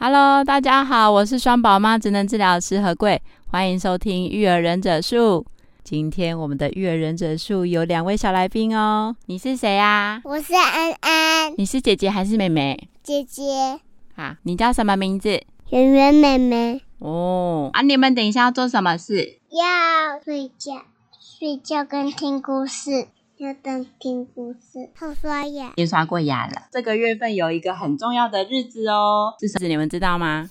Hello，大家好，我是雙寶媽、職能治療師郃貴，歡迎收聽育兒忍者術。今天我們的育兒忍者術有兩位小來賓哦，你是誰啊？我是安安。你是姐姐還是妹妹？姐姐。啊，你叫什麼名字？圓圓妹妹。哦，啊，你們等一下要做什麼事？要睡覺，睡覺跟聽故事。要等聽故事，後刷牙。已經刷過牙了。這個月份有一個很重要的日子哦，是什麼，你們知道嗎？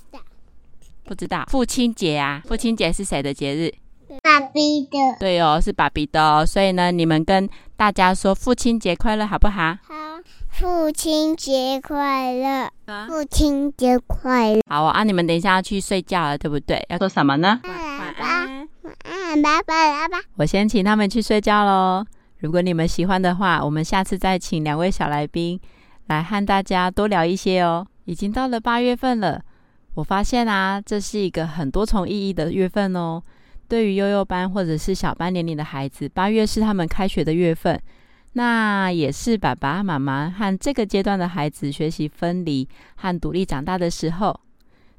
不知道。父親節啊！父親節是誰的節日？爸比的。對哦，是爸比的哦。所以呢，你們跟大家說父親節快樂，好不好？好，父親節快樂。啊、父親節快樂。好、哦、啊，你們等一下要去睡覺了，對不對？要說什麼呢晚晚晚？晚安，晚安，爸爸，爸爸。我先請他們去睡覺嘍。如果你們喜歡的話，我們下次再請兩位小來賓來和大家多聊一些哦。已經到了八月份了，我發現啊，這是一個很多重意義的月份哦。對於幼幼班或者是小班年齡的孩子，八月是他們開學的月份，那也是爸爸媽媽和這個階段的孩子學習分離和獨立長大的時候。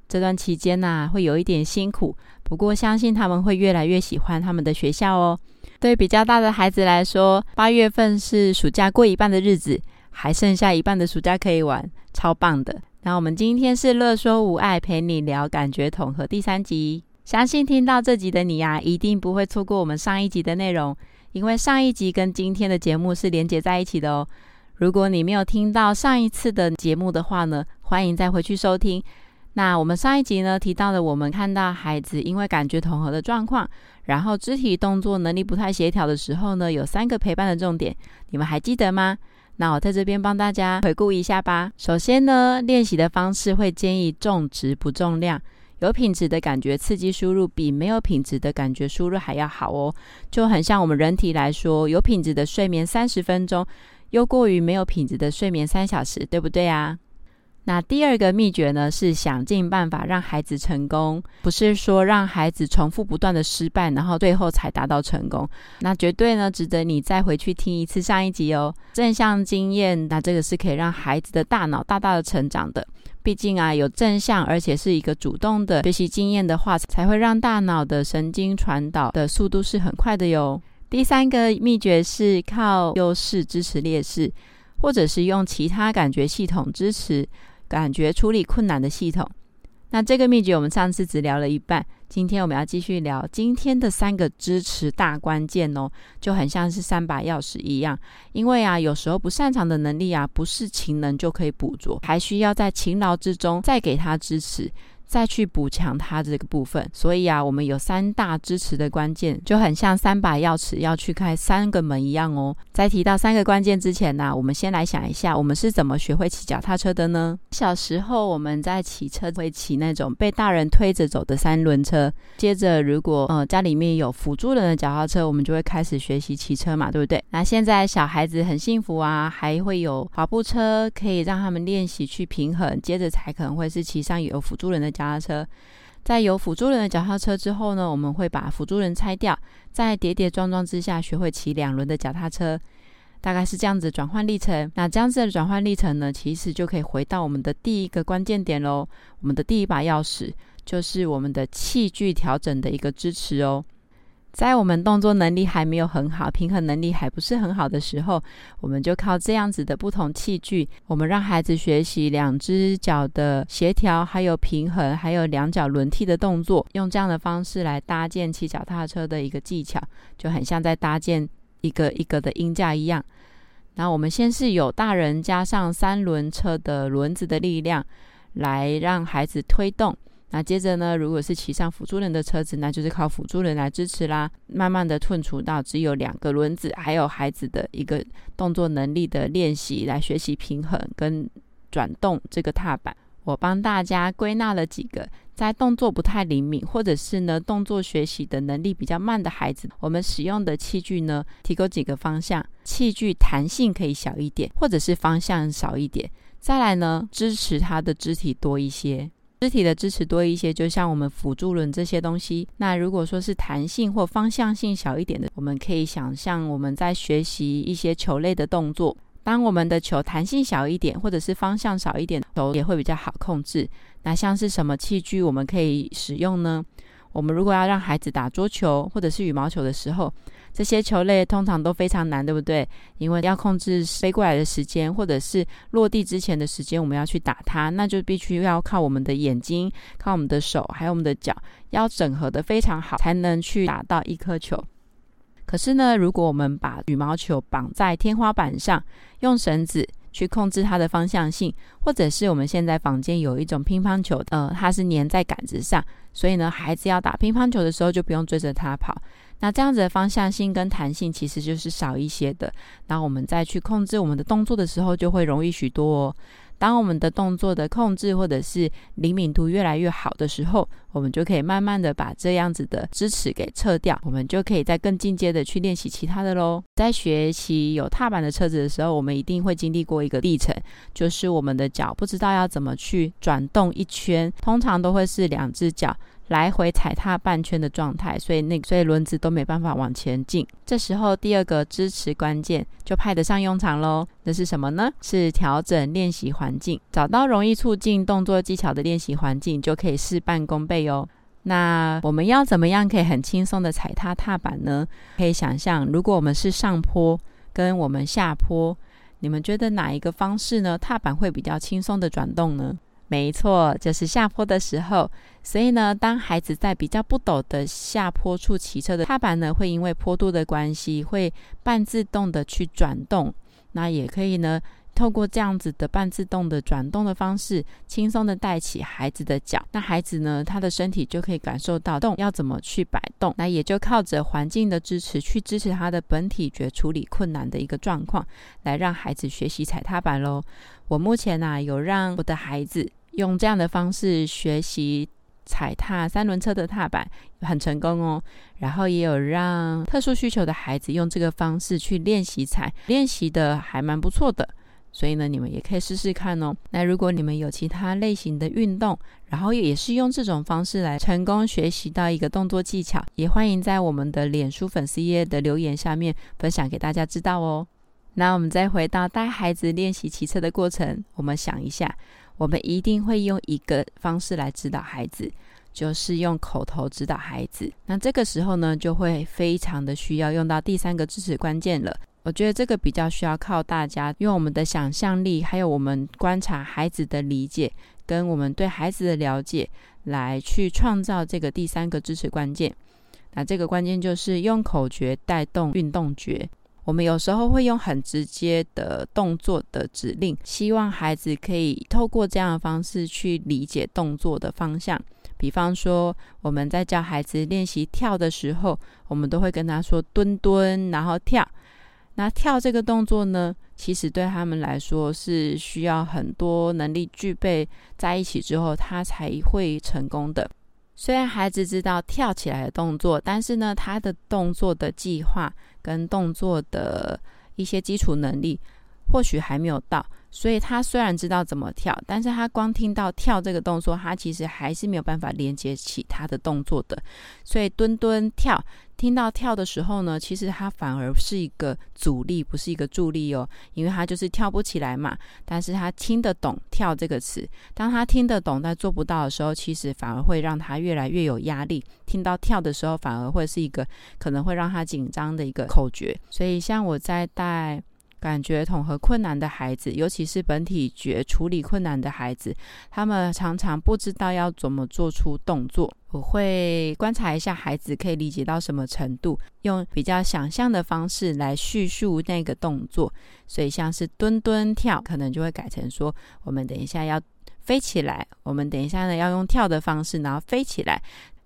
這段期間吶、啊，會有一點辛苦，不過相信他們會越來越喜歡他們的學校哦。對比較大的孩子來說，八月份是暑假過一半的日子，還剩下一半的暑假可以玩，超棒的。那我們今天是樂說無礙陪你聊感覺統合第三集，相信聽到這集的你呀、啊，一定不會錯過我們上一集的內容，因為上一集跟今天的節目是連接在一起的哦。如果你沒有聽到上一次的節目的話呢，歡迎再回去收聽。那我們上一集呢提到了我們看到孩子因為感覺統合的狀況，然後肢體動作能力不太協調的時候呢，有三個陪伴的重點，你們還記得嗎？那我在這邊幫大家回顧一下吧。首先呢，練習的方式會建議重質不重量，有品質的感覺刺激輸入比沒有品質的感覺輸入還要好哦。就很像我們人體來說，有品質的睡眠三十分鐘，優過於沒有品質的睡眠三小時，對不對啊？那第二個秘訣呢，是想盡辦法讓孩子成功，不是說讓孩子重複不斷的失敗，然後最後才達到成功。那絕對呢，值得你再回去聽一次上一集哦。正向經驗，那這個是可以讓孩子的大腦大大的成長的。畢竟啊，有正向而且是一個主動的學習經驗的話，才會讓大腦的神經傳導的速度是很快的喲。第三個秘訣是靠優勢支持劣勢，或者是用其他感覺系統支持。感覺處理困難的系統，那這個秘訣我們上次只聊了一半，今天我們要繼續聊今天的三個支持大關鍵哦，就很像是三把鑰匙一樣，因為啊，有時候不擅長的能力啊，不是勤能就可以補拙，還需要在勤勞之中再給他支持。再去補強它，這個部分，所以啊，我們有三大支持的關鍵，就很像三把鑰匙要去開三個門一樣哦。在提到三個關鍵之前呢、啊，我們先來想一下，我們是怎麼學會騎腳踏車的呢？小時候我們在騎車會騎那種被大人推着走的三輪車，接着如果呃家裡面有輔助人的腳踏車，我們就會開始學習騎車嘛，對不對？那現在小孩子很幸福啊，還會有滑步車，可以讓他們練習去平衡，接着才可能會是騎上有輔助人的腳踏車。腳踏車，在有輔助輪的腳踏車之後呢，我們會把輔助輪拆掉，在跌跌撞撞之下學會騎兩輪的腳踏車，大概是這樣子轉換歷程。那這樣子的轉換歷程呢，其實就可以回到我們的第一個關鍵點嘍。我們的第一把鑰匙就是我們的器具調整的一個支持哦。在我們動作能力還沒有很好，平衡能力還不是很好的時候，我們就靠這樣子的不同器具，我們讓孩子學習兩隻腳的協調，還有平衡，還有兩腳輪替的動作，用這樣的方式來搭建騎腳踏車的一個技巧，就很像在搭建一個一個的鷹架一樣。那我們先是由大人加上三輪車的輪子的力量，來讓孩子推動。那接着呢？如果是騎上輔助輪的車子，那就是靠輔助輪來支持啦。慢慢的，褪除到只有兩個輪子，還有孩子的一個動作能力的練習，來學習平衡跟轉動這個踏板。我幫大家歸納了幾個，在動作不太靈敏，或者是呢動作學習的能力比較慢的孩子，我們使用的器具呢，提供幾個方向：器具彈性可以小一點，或者是方向少一點。再來呢，支持他的肢體多一些。肢體的支持多一些，就像我們輔助輪這些東西。那如果說是彈性或方向性小一點的，我們可以想象我們在學習一些球類的動作。當我們的球彈性小一點，或者是方向少一點，球也會比較好控制。那像是什麼器具我們可以使用呢？我們如果要讓孩子打桌球或者是羽毛球的時候，這些球類通常都非常難，對不對？因為要控制飛過來的時間，或者是落地之前的時間，我們要去打它，那就必須要靠我們的眼睛、靠我們的手，還有我們的腳，要整合得非常好，才能去打到一顆球。可是呢，如果我們把羽毛球綁在天花板上，用繩子。去控制它的方向性，或者是我們現在房間有一種乒乓球，呃，它是粘在杆子上，所以呢，孩子要打乒乓球的時候就不用追着它跑。那這樣子的方向性跟彈性其實就是少一些的，那我們再去控制我們的動作的時候就會容易許多哦。當我們的動作的控制或者是靈敏度越來越好的時候，我們就可以慢慢的把這樣子的支持給撤掉，我們就可以再更進階的去練習其他的嘍。在學習有踏板的車子的時候，我們一定會經歷過一個歷程，就是我們的腳不知道要怎麼去轉動一圈，通常都會是兩隻腳。來回踩踏半圈的狀態，所以那個、所以輪子都沒辦法往前進。這時候第二個支持關鍵就派得上用場嘍。那是什麼呢？是調整練習環境，找到容易促進動作技巧的練習環境，就可以事半功倍喲、哦。那我們要怎麼樣可以很輕鬆的踩踏踏板呢？可以想象，如果我們是上坡跟我們下坡，你們覺得哪一個方式呢？踏板會比較輕鬆的轉動呢？沒錯，就是下坡的時候，所以呢，當孩子在比較不陡的下坡處騎車的踏板呢，會因為坡度的關係，會半自動的去轉動。那也可以呢，透過這樣子的半自動的轉動的方式，輕鬆的帶起孩子的腳。那孩子呢，他的身體就可以感受到動，要怎麼去擺動，那也就靠着環境的支持去支持他的本體覺處理困難的一個狀況，來讓孩子學習踩踏板咯。我目前呢、啊，有讓我的孩子。用這樣的方式學習踩踏三輪車的踏板很成功哦，然後也有讓特殊需求的孩子用這個方式去練習踩，練習的還蠻不錯的。所以呢，你們也可以試試看哦。那如果你們有其他類型的運動，然後也是用這種方式來成功學習到一個動作技巧，也歡迎在我們的臉書粉絲頁的留言下面分享給大家知道哦。那我們再回到帶孩子練習騎車的過程，我們想一下。我們一定會用一個方式來指導孩子，就是用口頭指導孩子。那這個時候呢，就會非常的需要用到第三個支持關鍵了。我覺得這個比較需要靠大家，用我們的想象力，還有我們觀察孩子的理解，跟我們對孩子的了解，來去創造這個第三個支持關鍵。那這個關鍵就是用口訣帶動運動覺。我們有時候會用很直接的動作的指令，希望孩子可以透過這樣的方式去理解動作的方向。比方說，我們在教孩子練習跳的時候，我們都會跟他說：“蹲蹲，然後跳。”那跳這個動作呢，其實對他們來說是需要很多能力具備在一起之後，他才會成功的。雖然孩子知道跳起來的動作，但是呢，他的動作的計劃。跟動作的一些基礎能力或許還沒有到，所以他雖然知道怎麼跳，但是他光聽到跳這個動作，他其實還是沒有辦法連接起他的動作的，所以蹲蹲跳。聽到跳的時候呢，其實它反而是一個阻力，不是一個助力哦，因為它就是跳不起來嘛。但是它聽得懂“跳”這個詞，當他聽得懂但做不到的時候，其實反而會讓他越來越有壓力。聽到跳的時候，反而會是一個可能會讓他緊張的一個口訣。所以像我在帶。感覺統合困難的孩子，尤其是本體覺處理困難的孩子，他們常常不知道要怎麼做出動作。我會觀察一下孩子可以理解到什麼程度，用比較想象的方式來敘述那個動作。所以像是蹲蹲跳，可能就會改成說：我們等一下要飛起來，我們等一下呢要用跳的方式，然後飛起來。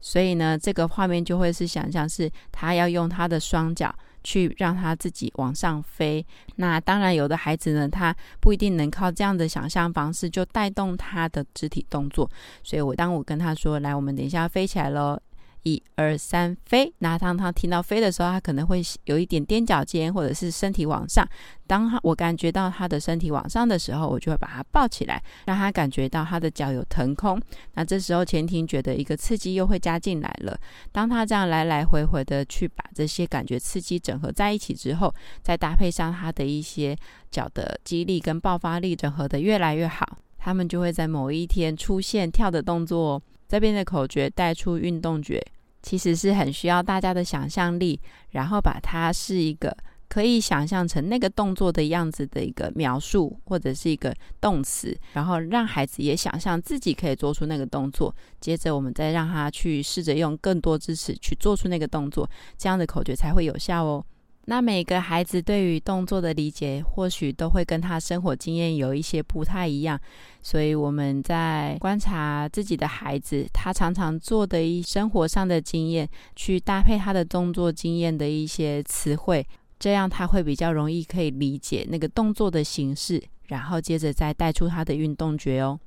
所以呢，這個畫面就會是想象是他要用他的雙腳。去讓他自己往上飛。那當然，有的孩子呢，他不一定能靠這樣的想象方式就帶動他的肢體動作。所以我當我跟他說：“來，我們等一下飛起來咯一二三飛，那當他聽到飛的時候，他可能會有一點踮腳尖，或者是身體往上。當他我感覺到他的身體往上的時候，我就會把他抱起來，讓他感覺到他的腳有騰空。那這時候前庭覺得一個刺激又會加進來了。當他這樣來來回回的去把這些感覺刺激整合在一起之後，再搭配上他的一些腳的肌力跟爆發力整合得越來越好，他們就會在某一天出現跳的動作哦。這邊的口訣帶出運動覺，其實是很需要大家的想象力，然後把它是一個可以想象成那個動作的樣子的一個描述，或者是一個動詞，然後讓孩子也想象自己可以做出那個動作，接着我們再讓他去試着用更多支持去做出那個動作，這樣的口訣才會有效哦。那每個孩子對於動作的理解，或許都會跟他生活經驗有一些不太一樣，所以我們在觀察自己的孩子，他常常做的一生活上的經驗，去搭配他的動作經驗的一些詞彙，這樣他會比較容易可以理解那個動作的形式，然後接着再帶出他的運動覺哦。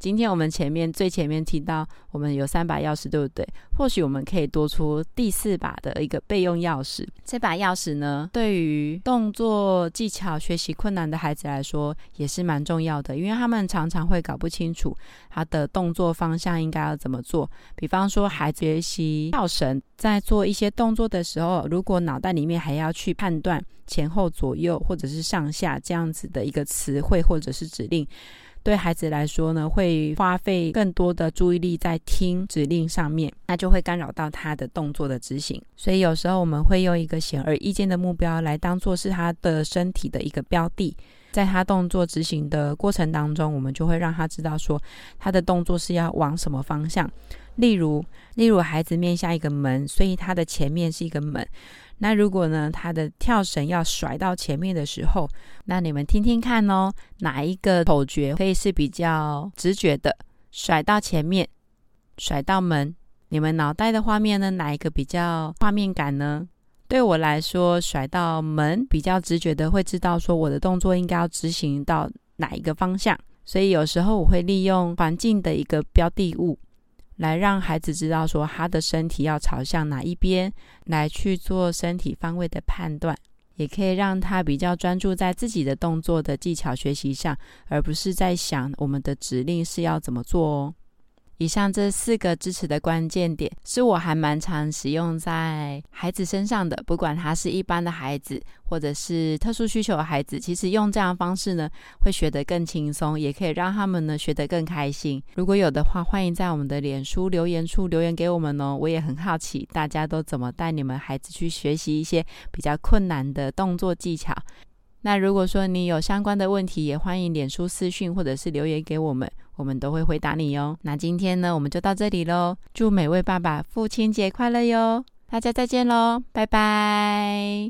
今天我們前面，最前面提到，我們有三把鑰匙，對不對？或許我們可以多出第四把的一個備用鑰匙。這把鑰匙呢，對於動作技巧學習困難的孩子來說也是蠻重要的，因為他們常常會搞不清楚他的動作方向應該要怎麼做。比方說，孩子學習跳繩，在做一些動作的時候，如果腦袋裡面還要去判斷前後左右或者是上下這樣子的一個詞彙或者是指令。對孩子來說呢，會花費更多的注意力在聽指令上面，那就會干擾到他的動作的執行。所以有時候我們會用一個顯而易見的目標來當做是他的身體的一個標的。在他動作執行的過程當中，我們就會讓他知道說他的動作是要往什麼方向。例如，例如孩子面向一個門，所以他的前面是一個門。那如果呢，他的跳繩要甩到前面的時候，那你們聽聽看哦，哪一個口訣可以是比較直覺的甩到前面，甩到門？你們腦袋的畫面呢，哪一個比較畫面感呢？對我來說，甩到門比較直覺的會知道說我的動作應該要執行到哪一個方向，所以有時候我會利用環境的一個標的物，來讓孩子知道說他的身體要朝向哪一邊，來去做身體方位的判斷，也可以讓他比較專注在自己的動作的技巧學習上，而不是在想我們的指令是要怎麼做哦。以上這四個支持的關鍵點，是我還蠻常使用在孩子身上的。不管他是一般的孩子，或者是特殊需求的孩子，其實用這樣的方式呢，會學得更輕鬆，也可以讓他們呢學得更開心。如果有的話，歡迎在我們的臉書留言處留言給我們哦。我也很好奇，大家都怎麼帶你們孩子去學習一些比較困難的動作技巧？那如果說你有相關的問題，也歡迎臉書私訊或者是留言給我們。我們都會回答你喲、哦。那今天呢，我們就到這裡嘍。祝每位爸爸父親節快樂喲！大家再見嘍，拜拜。